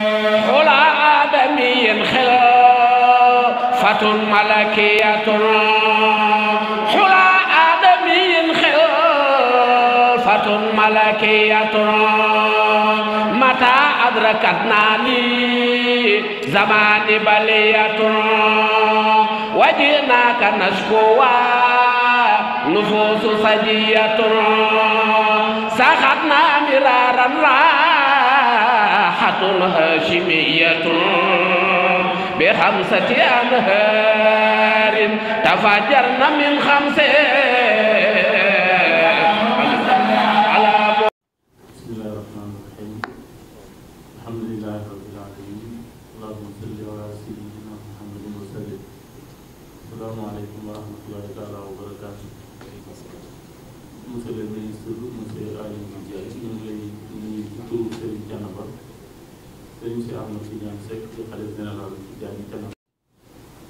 خلا آدمي خلافة ملكية خلا آدمي خلافة ملكية متى أدركتنا لي زمان بلية وجئناك نشكوها نفوس سجية سخطنا مرارا الرياحة هاشمية بخمسة أنهار تفجرن من خمسين monsieur Ahmed Tidiane Seck di xalif général Tidiane Canam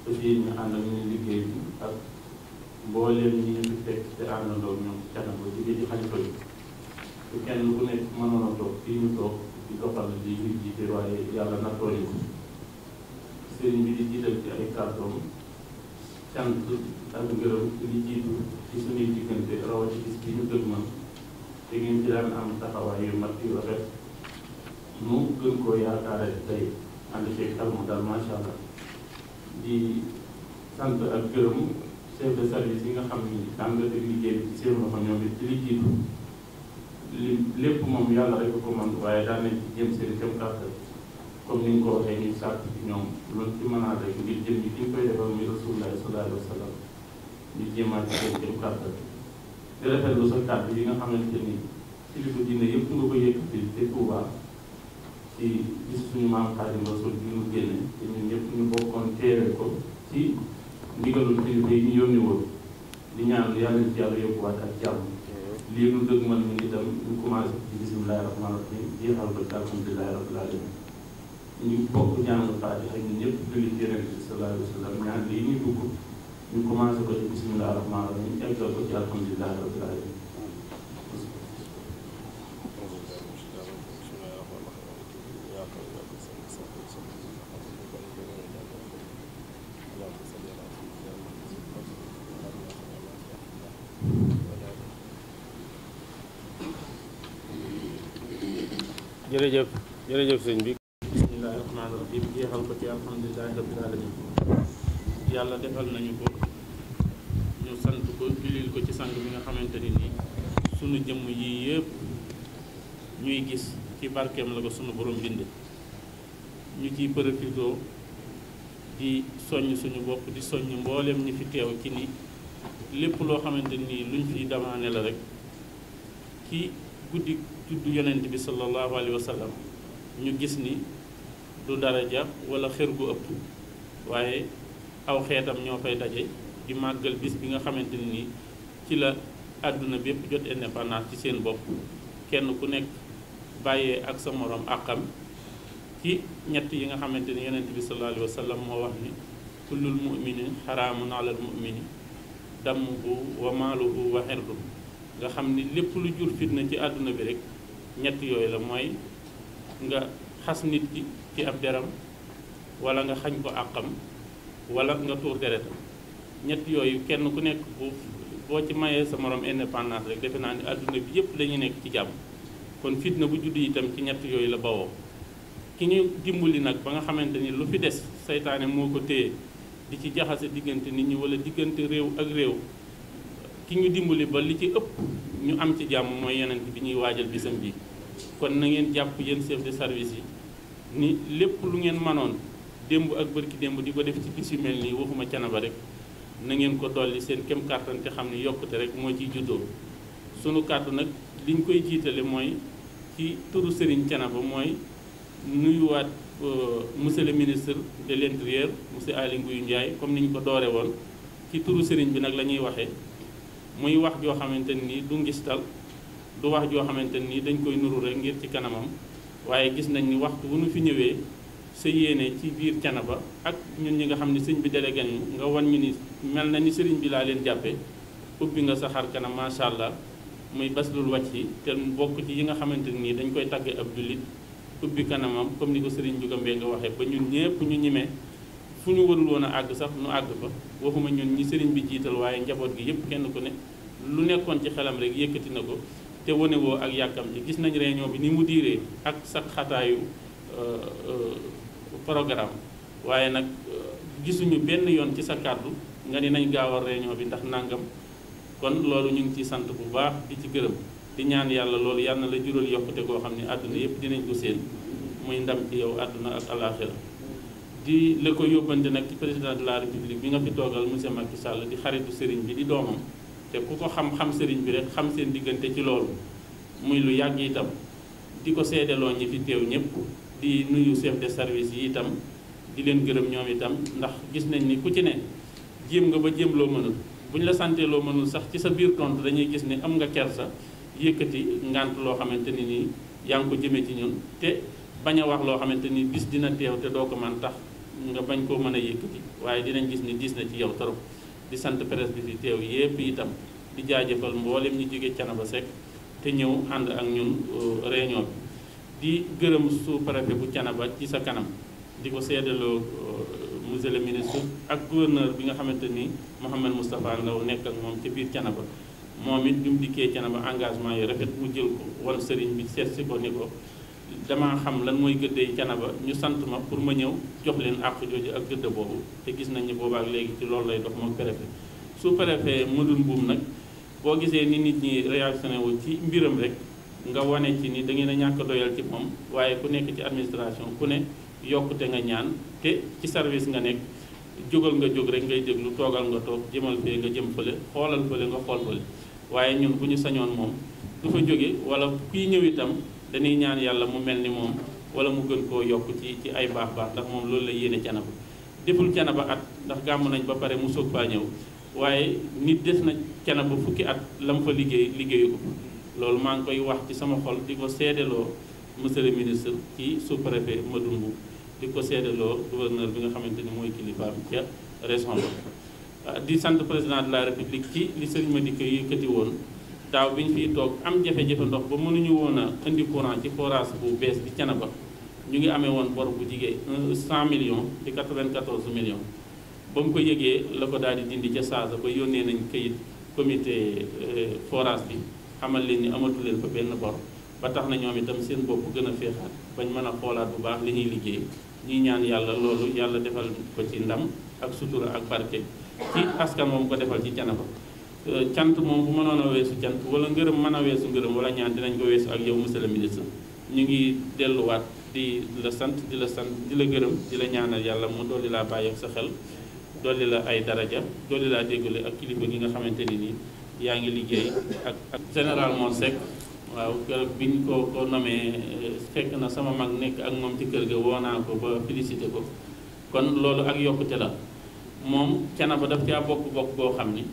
su fi ñu ànd ak ñu liggéey bi ak mbooleem ñi ñu fekk te àndandoo ñoom Canam ba liggéey ci xalifa yi te kenn ku nekk mënoon a toog fii ñu toog di doxal li ñu jiite waaye yàlla nattoo yi sëriñ bi di jiital ci ay kàddoom cant ak ngërëm li jiitu ci suñuy diggante rawati ci bis bi ñu dëgmal te ngeen ci daan am taxawaay yu mat yu rafet ñu gën koo yaakaare tey ànd ceeg xel mu dal allah di sant ak gërëm chef de service yi nga xam ni danga def liggéey bi ci seen loxo ñoom it ci li jiitu li lépp moom yàlla rek ko mën waaye daan nañ ci jëm seen kem kàttan comme ni nga ko waxee ñu sàkk ci ñoom loolu ci mën a rek ngir jëm bi ki ñu koy defal mi rasulullah sallallahu alayhi wa sallam ñu jéemaat ci seen kem kàttan di rafetlu sa kàddu yi nga xamante ni ci li ko dina yëpp nga ko yëkkati te Tuubaa ci bis suñu maam Xaadimu Rasuul bi mu génne te ñun ñëpp ñu bokkoon teewe ko ci ndigalul kilifa yi ñu yónni woon di ñaan yàlla ci yàlla yóbbuwaat ak jàmm lii lu dëgg man mi ngi dem ñu commencé ci bisimilahi rahmaani rahim jeexal ko ci alhamdulilahi rabbil alamin ñu bokk ñaanal Faatiha ñun ñëpp julli ci Yonent bi sallallahu alayhi wa sallam ñaan lii ñu dugg ñu commencé ko ci bisimilahi rahmaani rahim eggal ko ci alhamdulilahi rabbil alamin jërëjëf jërëjëf sëñ bi bismillahi rahmaani rahim jeexal ko ci alhamdulilahi yàlla defal nañu ko ñu sant ko julil ko ci sang bi nga xamante ni nii sunu jëmm yi yëpp ñuy gis ci barkeem la ko sunu borom bind ñu ci profitoo di soññ suñu bopp di soññ mbooleem ñi fi teew ci ni lépp loo xamante nii luñ fi damaane la rek ci guddi tudd yonent bi sallallahu alayhi wa sallam ñu gis ni du daraja wala xër gu ëpp waaye aw xeetam ñoo fay daje di màggal bis bi nga xamante ne ni ci la àdduna bépp jot indépendance ci seen bopp kenn ku nekk bàyyee ak sa moroom àqam ci ñett yi nga xamante ni yonent bi sallallahu alayhi wa sallam moo wax ni kullul mumini xaraamun alal mumini dammuhu wa maaluhu wa xerduhu nga xam ni lépp lu jur fitna ci àdduna bi rek ñett yooyu la mooy nga xas nit ki ci ab deram wala nga xañ ko àqam wala nga tuur deretam ñett yooyu kenn ku nekk bu boo ci mayee sa morom indépendance rek defe naa ne adduna bi yëpp lañu nekk ci jàmm kon fitna bu judd itam ci ñett yooyu la bawoo ki ñu dimbali nag ba nga xamante ni lu fi des seytaane moo ko téye di ci jaxase diggante nit ñi wala diggante réew ak réew ki ñu dimbali ba li ci ëpp ñu am ci jàmm mooy yeneen bi ñuy waajal bisam bi kon na ngeen jàpp yéen chef de service yi ni lépp lu ngeen manoon démb ak bër ki démb di ko def ci bis yu mel nii waxuma canaba rek na ngeen ko dolli seen kem kàttan te xam ni yokkute rek moo ciy juddoo sunu kàddu nag liñ koy jiitale mooy ci turu Serigne Canaba mooy nuyuwaat euh, monsieur le ministre de l'intérieur monsieur Aly Ngouille njaay comme ni ñu ko doore woon ci turu Serigne bi nag la ñuy waxee muy wax joo xamante nii du ngistal du wax joo xamante nii dañ koy nuru rek ngir ci kanamam waaye gis nañ ni waxtu wu nu fi ñëwee sa yéene ci biir ba ak ñun ñi nga xam ne sëñ bi délégué ñu nga wan ñu ni mel na ni sëriñ bi laa leen jàppe ubbi nga sa xar kanam macha allah muy baslul wàcc yi te bokk ci yi nga xamante nii dañ koy tàggee ab jullit ubbi kanamam comme ni ko sëriñ Juga Mbeng nga waxee ba ñun ñëpp ñu ñime fu ñu warul woon a àgg sax nu àgg fa waxuma ñun ñi sëriñ bi jiital waaye njaboot gi yëpp kenn ko ne lu nekkoon ci xelam rek yëkkati na ko te wone woo ak yàkkam ji gis nañ réunion bi ni mu diiree ak sax xataayu euh, euh, programme waaye nag euh, gisuñu benn yoon ci sa kàddu nga ni nañ gaawal réunion bi ndax nàngam kon loolu ñu ngi ciy sant bu baax di ci gërëm di ñaan yàlla loolu yàlla na la jural yokkute koo xam ne àdduna yëpp dinañ ko seen muy ndam ci yow àdduna ak di la ko yóbbante nag ci président de la république bi nga fi toogal monsieur Macky Sall di xaritu sëriñ bi di doomam te ku ko xam-xam sëriñ bi rek xam seen diggante ci loolu muy lu yàgg itam di ko seedeloo ñi fi teew ñëpp di nuyu chef de service yi itam di leen gërëm ñoom itam ndax gis nañ ni ku ci ne jéem nga ba jéem loo mënul bu ñu la santee loo mënul sax ci sa biir tontu dañuy gis ni am nga ker kersa yëkkati ngànt loo xamante ni nii yaa ngi ko jëmee ci ñun bañ a wax loo xamante bis dina teew te doo ko man tax nga bañ koo mën a yëkkati dinañ gis ni diis na ci yow trop di sant presse bi fi teew yépp itam di jaajëfal mboolem ñu jóge Canaba Seck te ñëw ànd ak ñun euh, réunion di gërëm sous-préfet bu Canaba ci sa kanam di ko seedaloo euh, monsieur le ministre ak gouverneur bi nga xamante ni Mouhamed Moustapha Ndaw nekk ak moom ca biir Canaba moom it bi mu dikkee Canaba engagement yi rafet mu jël ko wan sëriñ bi seet si ko ni damaa xam lan mooy gëddee canaba ñu sant ma pour ma ñëw jox leen àq jooju ak gëdd boobu te gis nañ ne boobaak léegi ci loolu lay dox moom préfet su préfet mëdun buum nag boo gisee ni nit ñi réactionné wu ci mbiram rek nga wane ci ni da ngeen a ñàkk doyal ci moom waaye ku nekk ci administration ku ne yokkute nga ñaan te ci service nga nekk jógal nga jóg rek ngay déglu toogal nga toog jëmal fee nga jëm fële xoolal fële nga xool fële waaye ñun bu ñu sañoon wala kuy ñëw dañuy ñaan yàlla mu mel ni moom wala mu gën koo yokk ci ci ay baax baax ndax moom loolu lay yéene canaba deful canaba at ndax gàmm nañ ba pare mu soog faa ñëw waaye nit des na canaba fukki at la mu fa liggéey liggéeyu ko loolu maa ngi koy wax ci sama xol di ko seedeloo monsieur le ministre ci sous-préfet Madou Mbow di ko seedeloo gouverneur bi nga xamante ni mooy kilifaam ca région ba ah, di sant président de la république ci li sëriñ ma di ko yëkkati woon daaw bi ñu fiy toog am jafe-jafe ndox ba mënuñu woon a indi courant ci forage bu bees bi Thiénaba ñu ngi amee woon boro bu jigéen 100 million di 94 millions ba mu ko yëgee la ko daal di dindi ca saasa ba yónnee nañ kayit comité euh, forage bi xamal leen ni amatu leen fa benn bor ba tax na ñoom itam seen bopp gën a féexaat bañ mën a xoolaat bu baax li ñuy liggéey ñuy ñaan yàlla loolu yàlla defal ko ci ndam ak sutura ak barke ci askan moom ko defal ci Thiénaba Euh, cant moom bu mënoon a weesu cant wala ngërëm mën a weesu ngërëm wala ñaan dinañ ko weesu ak yow monsieur le ministre ñu ngi delluwaat di la sant di la sant di la gërëm di la ñaanal yàlla mu dolli laa bàyyi sa xel dolli la ay daraja dolli laa déggale ak kilifa gi nga xamante ni nii yaa ngi liggéey ak ak général Mor Seck waaw kër bi ñu ko ko nomee fekk na sama mag nekk ak moom ci kër ga woo naa ko ba félicité ko kon loolu ak yokkute la moom cana ba daf caa bokk-bokk boo ni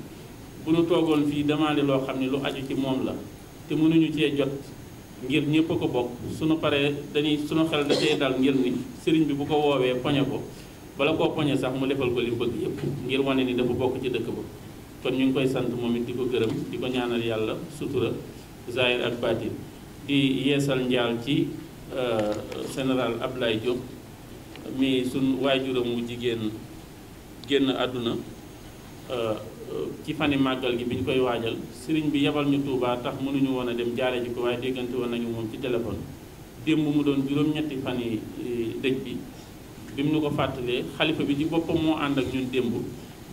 bu nu toogoon fii demandé loo xam ne lu aju ci moom la te mënuñu cee jot ngir ñëpp a ko bokk suñu paree dañuy suñu xel da cee sëriñ bi bu ko woowee poñe ko bala koo poñe sax mu defal ko li yëpp ngir wane ni dafa bokk ci dëkk ba kon ñu ngi koy sant moom it di ko gërëm di ko ñaanal yàlla sutura zahir ak batin di yeesal njaal ci euh, ab lay Diop mi su waajuram wu jigéen génn àdduna euh, Euh, ci fani màggal gi bi ñu koy waajal sëriñ bi yebal ñu Touba tax mënuñu woon a dem jaare ji ko waaye déggante woon nañu moom ci téléphone démb mu doon juróom-ñetti fan yi euh, dëj bi bi mu nu ko fàttalee xalifa bi ci boppam moo ànd ak ñun démb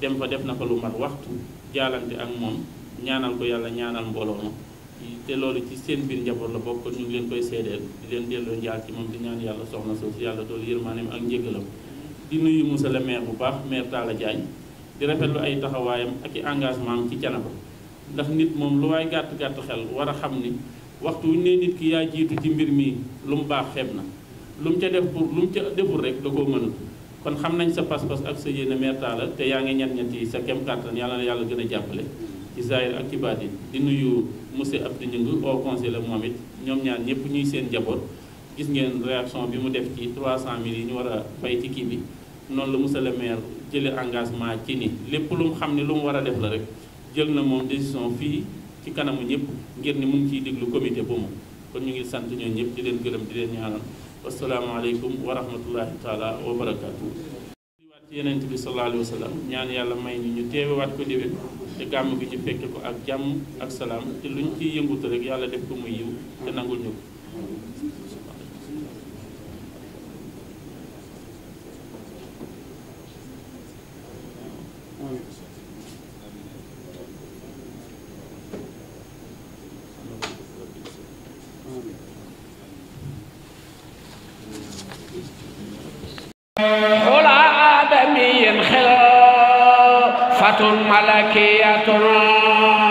dem fa def na ko lu mat waxtu jaalante ak moom ñaanal ko yàlla ñaanal mbooloo te loolu ci seen biir njaboot la bokk ñu leen koy seedeel di leen delloo njaal ci moom di ñaan yàlla soxna soosu yàlla doolu yërmaaneem ak njégalam di nuyu le maire bu baax maire Talla Diagne di rafetlu ay taxawaayam ak i engagement am ci canaba ndax nit moom lu waay gàtt gàtt xel war a xam ni waxtu wuñ ne nit ki yaa jiitu ci mbir mi lu mu baax xeeb na lu mu ca def pour lu mu ca rek da koo mënut kon xam nañ sa pas-pas ak sa yéene mertaa la te yaa ngi ñett ñett yi sa kem kàttan yàlla na yàlla gën a jàppale ci zahir ak ci baatin di nuyu monsieur Abdou Ngingue au conseil moom it ñoom ñaar ñëpp ñuy seen njaboot gis ngeen réaction bi mu def ci 300 000 yi ñu war a fay ci kii bi noonu la monsieur le maire jële engagement ci ni lépp lu mu xam ne lu mu war a def la rek jël na moom décision fii ci kanamu ñëpp ngir ni mu ngi ciy déglu comité bu mu kon ñu ngi sant ñoo ñëpp di leen gërëm di leen ñaanal wasalaamaaleykum wa rahmatullahi taala wa barakaatu diwaat ci yenent bi sallallahu alayhi wa sallam ñaan yàlla may ni ñu teewewaat ko déwén te gàmm gi ci fekke ko ak jàmm ak salaam te lu luñ ciy yëngutu rek yàlla def ko muy yiw te nangul ñu ko ملكية